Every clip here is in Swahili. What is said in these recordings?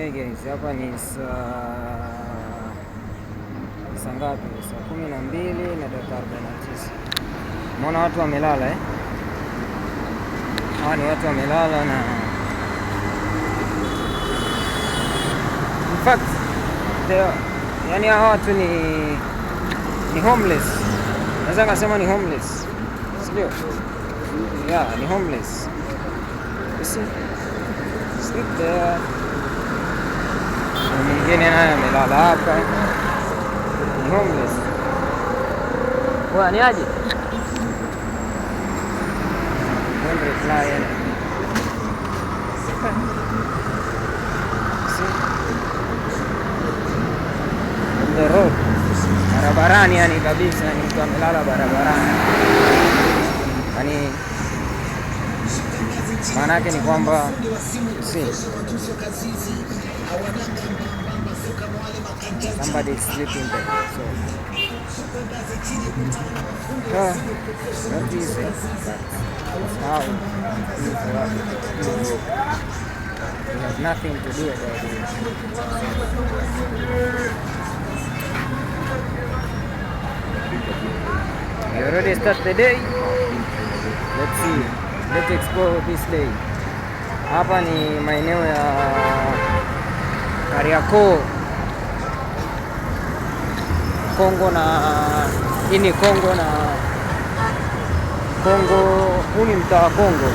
Okay guys, hapa ni saa saa ngapi? Saa kumi na mbili na dakika arobaini na tisa. Umeona watu wamelala eh? Hawa ni watu wamelala na in fact they yani hawa watu ni ni homeless. Naweza ngasema ni homeless. Sio? Yeah, ni homeless. You see? Sleep there mwingine naye amelala hapa homeless. Ni aje barabarani, yani kabisa, ni mtu amelala barabarani, yani maanake ni kwamba si Somebody is sleeping there. So. Uh, not easy, but now you have nothing to do about it. You already start the day. Let's see. Let's explore this day. Hapa ni maeneo ya Kariakoo Kongo na hii ni Kongo na Kongo, huu ni mtaa wa Kongo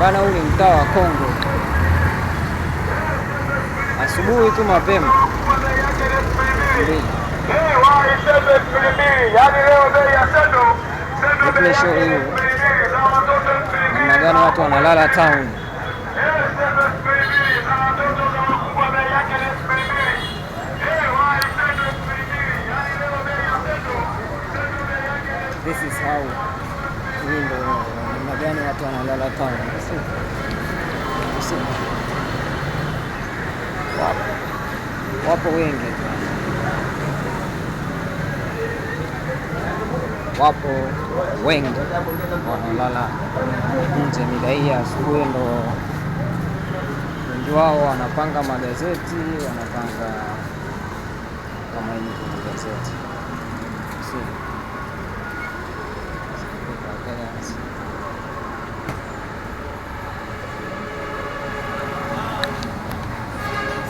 bana, huu ni mtaa wa Kongo. Asubuhi tu mapema namna gani watu wanalala town This is how window namna gani watu wanalala town. Wapo wengi, wapo wengi wanalala nje mida hii asubuhi ndo wao wanapanga magazeti, wanapanga kama hivi gazeti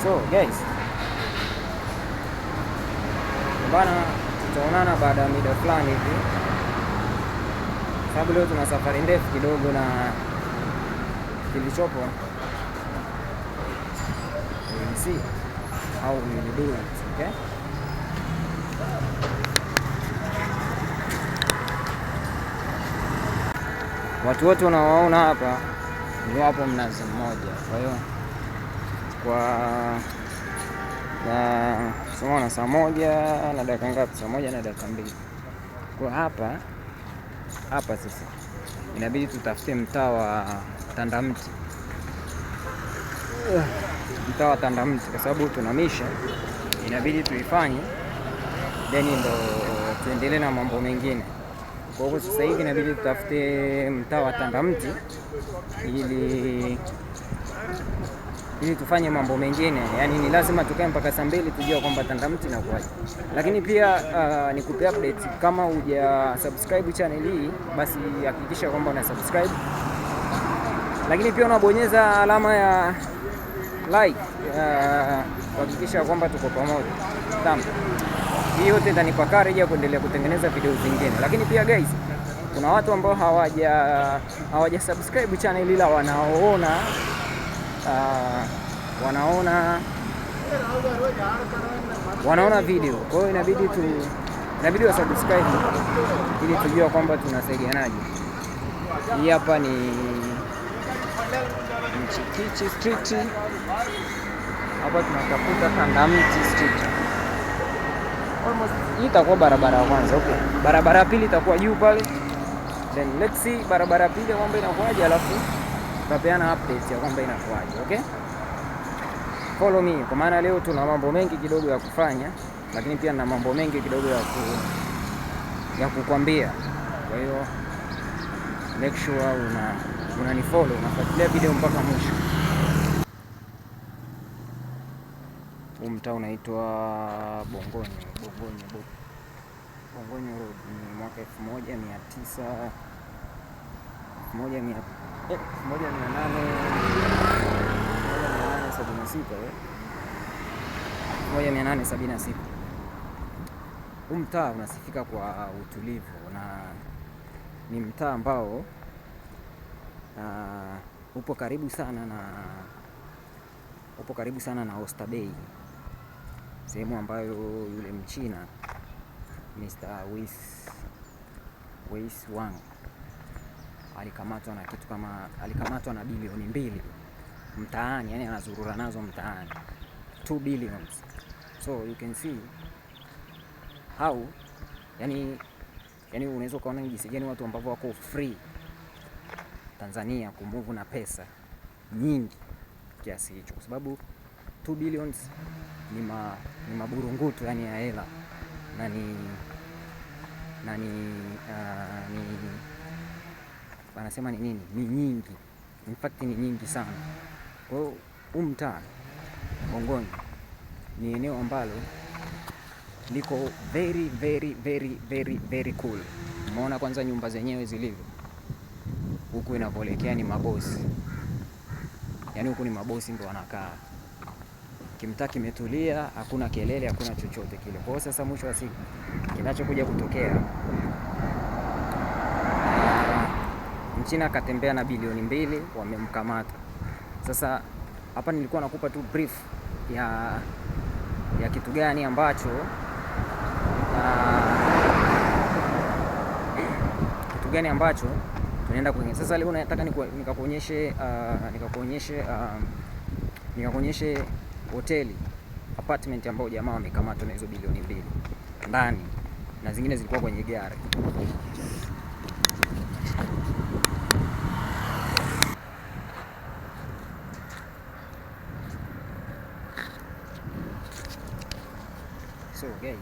So guys, bana, tutaonana baada ya mida fulani hivi, sababu leo tuna safari ndefu kidogo na kilichopo currency au ni okay? Watu wote unawaona hapa ni wapo Mnazi Mmoja. Kwa hiyo kwa samaona saa moja na dakika ngapi? Saa moja na dakika mbili. Kwa hapa hapa sasa inabidi tutafute mtaa wa Tandamti mtawa tandamzi, kwa sababu tunamisha inabidi tuifanye, then ndo tuendelee na mambo mengine. Kwa hivyo sasa hivi inabidi tutafute mtaa wa tandamti ili ili tufanye mambo mengine, yaani ni lazima tukae mpaka saa mbili tujue kwamba tandamti na Lakini pia uh, ah, ni kupe update kama huja subscribe channel hii, basi hakikisha kwamba una subscribe, lakini pia unabonyeza alama ya like uh, kuhakikisha kwamba tuko pamoja. Naam, hii yote itanipa courage ya kuendelea kutengeneza video zingine, lakini pia guys, kuna watu ambao hawaja hawaja subscribe channel ila wanaona uh, wanaona wanaona video, kwa hiyo inabidi tu inabidi wa subscribe ili tujua kwamba tunasaidianaje. Hii hapa ni Mchikichi street. Hapa tunatafuta Kandamti street. Almost hii itakuwa barabara ya kwanza. Okay. Barabara ya pili itakuwa juu pale. Then let's see barabara ya pili kwamba inakuwaje, alafu tutapeana update ya kwamba inakuwaje. Okay? Follow me kwa maana leo tuna mambo mengi kidogo ya kufanya, lakini pia na mambo mengi kidogo ya ku ya kukwambia. Kwa hiyo make sure una unanifollow, unafuatilia video mpaka mwisho. Huu mtaa unaitwa Bongonyo, Bongonyo, Bongonyo Road ni mwaka elfu moja mia tisa elfu moja mia eh, nane sabini na sita elfu moja mia nane sabini na sita Huu mtaa unasifika kwa utulivu na ni mtaa ambao na uh, upo karibu sana na upo karibu sana na Oyster Bay, sehemu ambayo yule mchina Mr. Wis Wis Wang alikamatwa na kitu kama alikamatwa na bilioni mbili mtaani, yani anazurura nazo mtaani 2 billions. So you can see how yani, yani unaweza ukaona jinsi gani watu ambao wako free Tanzania kumuvu na pesa nyingi kiasi hicho, kwa sababu 2 billions ni, ma, ni maburungutu yani ya hela na ni na ni, uh, ni wanasema ni nini, ni nyingi, in fact ni nyingi sana. Kwa hiyo huu mtaa Ngong'oni ni eneo ambalo liko very, very, very, very, very cool. Umeona kwanza nyumba zenyewe zilivyo huku inapoelekea ni mabosi, yaani huku ni mabosi ndio wanakaa kimtaa, kimetulia, hakuna kelele, hakuna chochote kile. Kwa hiyo sasa, mwisho wa siku kinachokuja kutokea, mchina akatembea na bilioni mbili, wamemkamata. Sasa hapa nilikuwa nakupa tu brief ya, ya kitu gani ambacho na, ah, kitu gani ambacho unaenda kwenye Sasa leo nataka nikakuonyeshe uh, nikakuonyeshe um, nikakuonyeshe hoteli apartment ambayo jamaa wamekamatwa na hizo bilioni mbili ndani na zingine zilikuwa kwenye gari. So guys,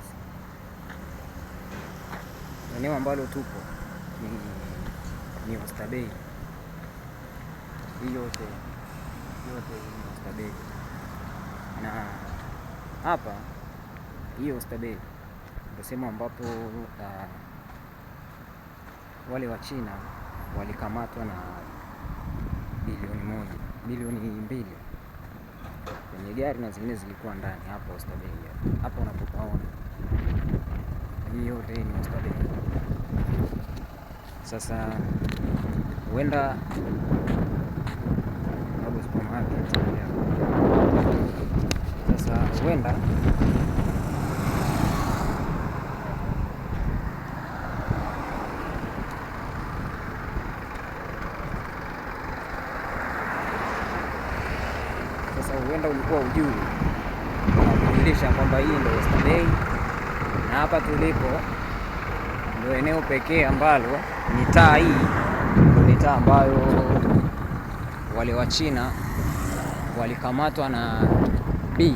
eneo ambalo tupo ni ni Oysterbay. Hii yote yote ni Oysterbay, na hapa hii Oysterbay ndio sehemu ambapo uh, wale wa China walikamatwa na bilioni moja bilioni mbili kwenye gari na zingine zilikuwa ndani. Hapa Oysterbay hapa unapopaona, hii yote ni Oysterbay. Sasa huenda supermarket, sasa huenda sasa huenda ulikuwa ujui kujulisha kwamba hii ndio Oyster na hapa tulipo ndio eneo pekee ambalo mitaa hii mitaa ambayo wale wa China walikamatwa na B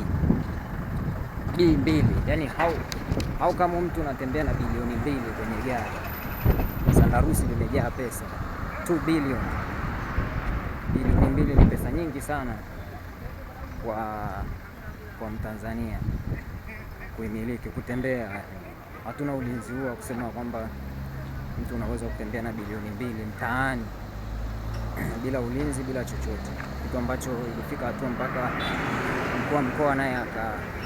B mbili, yani hau, hau kama mtu unatembea na bilioni mbili kwenye gari. Sandarusi limejaa pesa 2 bilioni. Bilioni mbili ni pesa nyingi sana kwa, kwa Mtanzania kuimiliki, kutembea hatuna ulinzi huo wa kusema kwamba mtu unaweza kutembea na bilioni mbili mtaani bila ulinzi, bila chochote, kitu ambacho ilifika hatua mpaka mkuu wa mkoa naye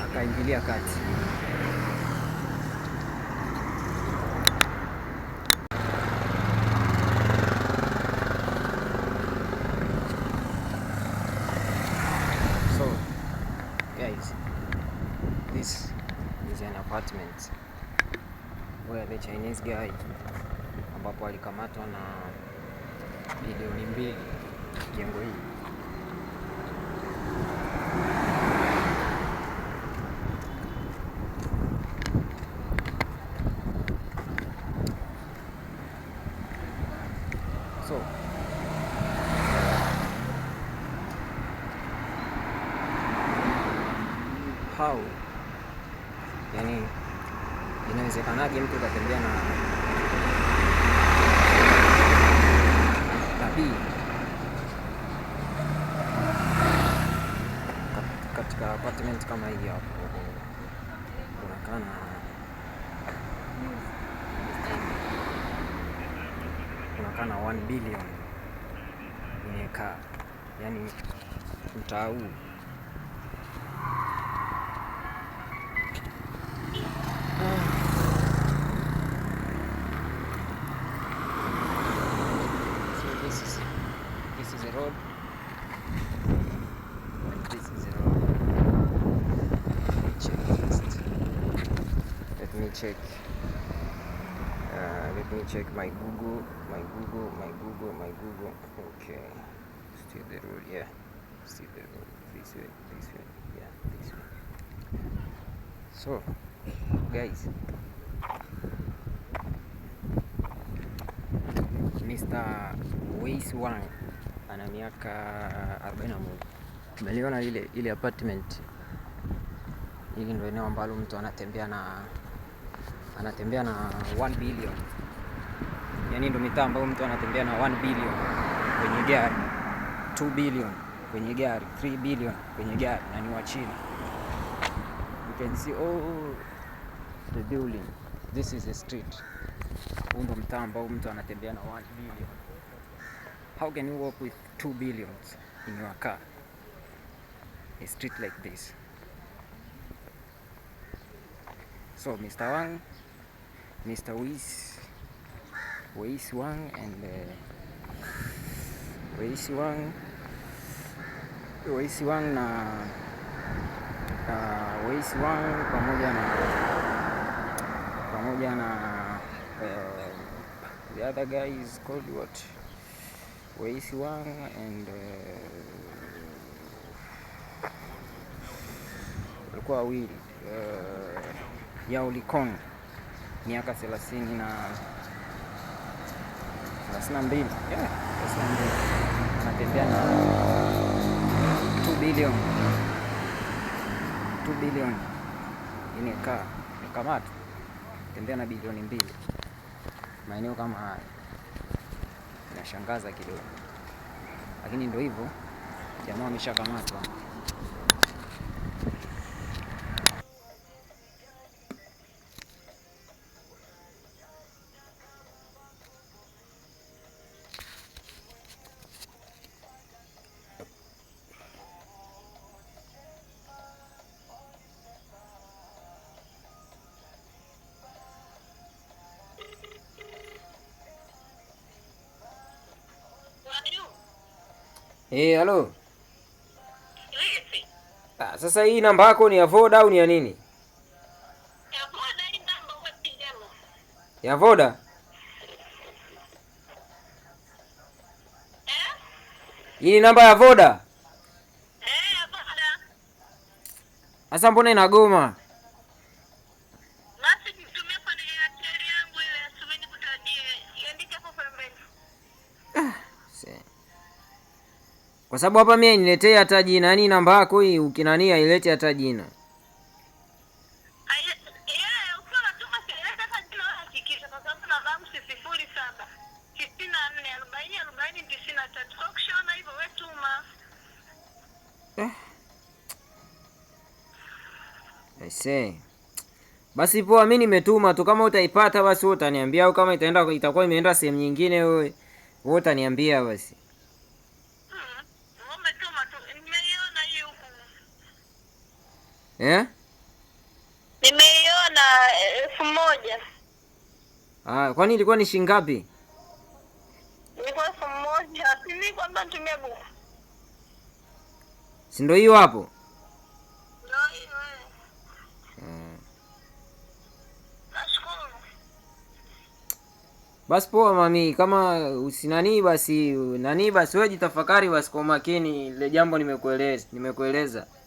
akaingilia aka kati. So guys, this is an apartment where the Chinese guy ambapo alikamatwa na bilioni mbili jengo hili so how inawezekanaje mtu katembea na nabii katika apartment kama hii hapo, kunakana kunakana 1 billion 1 bilioni yani mtaa huu Uh, let me check my Google, my Google, my Google, my Google. Okay, still the road, yeah, still the road. This way, this way, yeah, this way. So, guys, Mr. Ways Wang ana miaka 41. Umeliona ile ile apartment, hili ndio eneo ambalo mtu anatembea na anatembea na 1 billion Yani ndio mitaa ambayo mtu anatembea na 1 billion kwenye gari, 2 billion kwenye gari, 3 billion kwenye gari na ni wa chini. You can see all oh, the building. This is a street. Huu ndo mtaa ambao mtu anatembea na 1 billion How can you walk with 2 billions in your car? A street like this. So Mr. Wang Mr. Wiz Wiz Wang and uh, Wiz Wang Wiz Wang na uh, Wiz Wang pamoja na pamoja na uh, the other guy is called what Wiz Wang and uh, walikuwa uh, wawili uh, Yao Likong miaka thelathini na thelathini na mbili anatembea na 2 bilioni 2 bilioni inekaa nikamata tembea na bilioni mbili maeneo kama haya inashangaza kidogo, lakini ndio hivyo, jamaa ameshakamatwa. Eh, hey, halo. Ah, sasa hii namba yako ni ya Voda au ni ya nini? Ya Voda hii namba wapigamu. Ya Voda? Eh? Hii ni namba ya Voda? Eh, ya Voda. Sasa mbona inagoma? Ah, kwa sababu hapa mimi niletee hata jina, nani, namba yako hii ukinani ailete hata jina. Aisee. Eh, yaani eh. Basi poa, mimi nimetuma tu, kama utaipata basi wewe utaniambia, au kama itaenda itakuwa imeenda sehemu nyingine, wewe wewe utaniambia basi. eh? Nimeiona eh, elfu moja. Ah, kwani ilikuwa ni shilingi ngapi? Ilikuwa elfu moja. Sisi kwamba tumia buku. Si ndio hiyo hapo? Ndio hiyo. Eh. Eh. Basi poa mami, kama usinani basi nani basi wewe jitafakari basi kwa makini ile jambo nimekueleza, nimekueleza.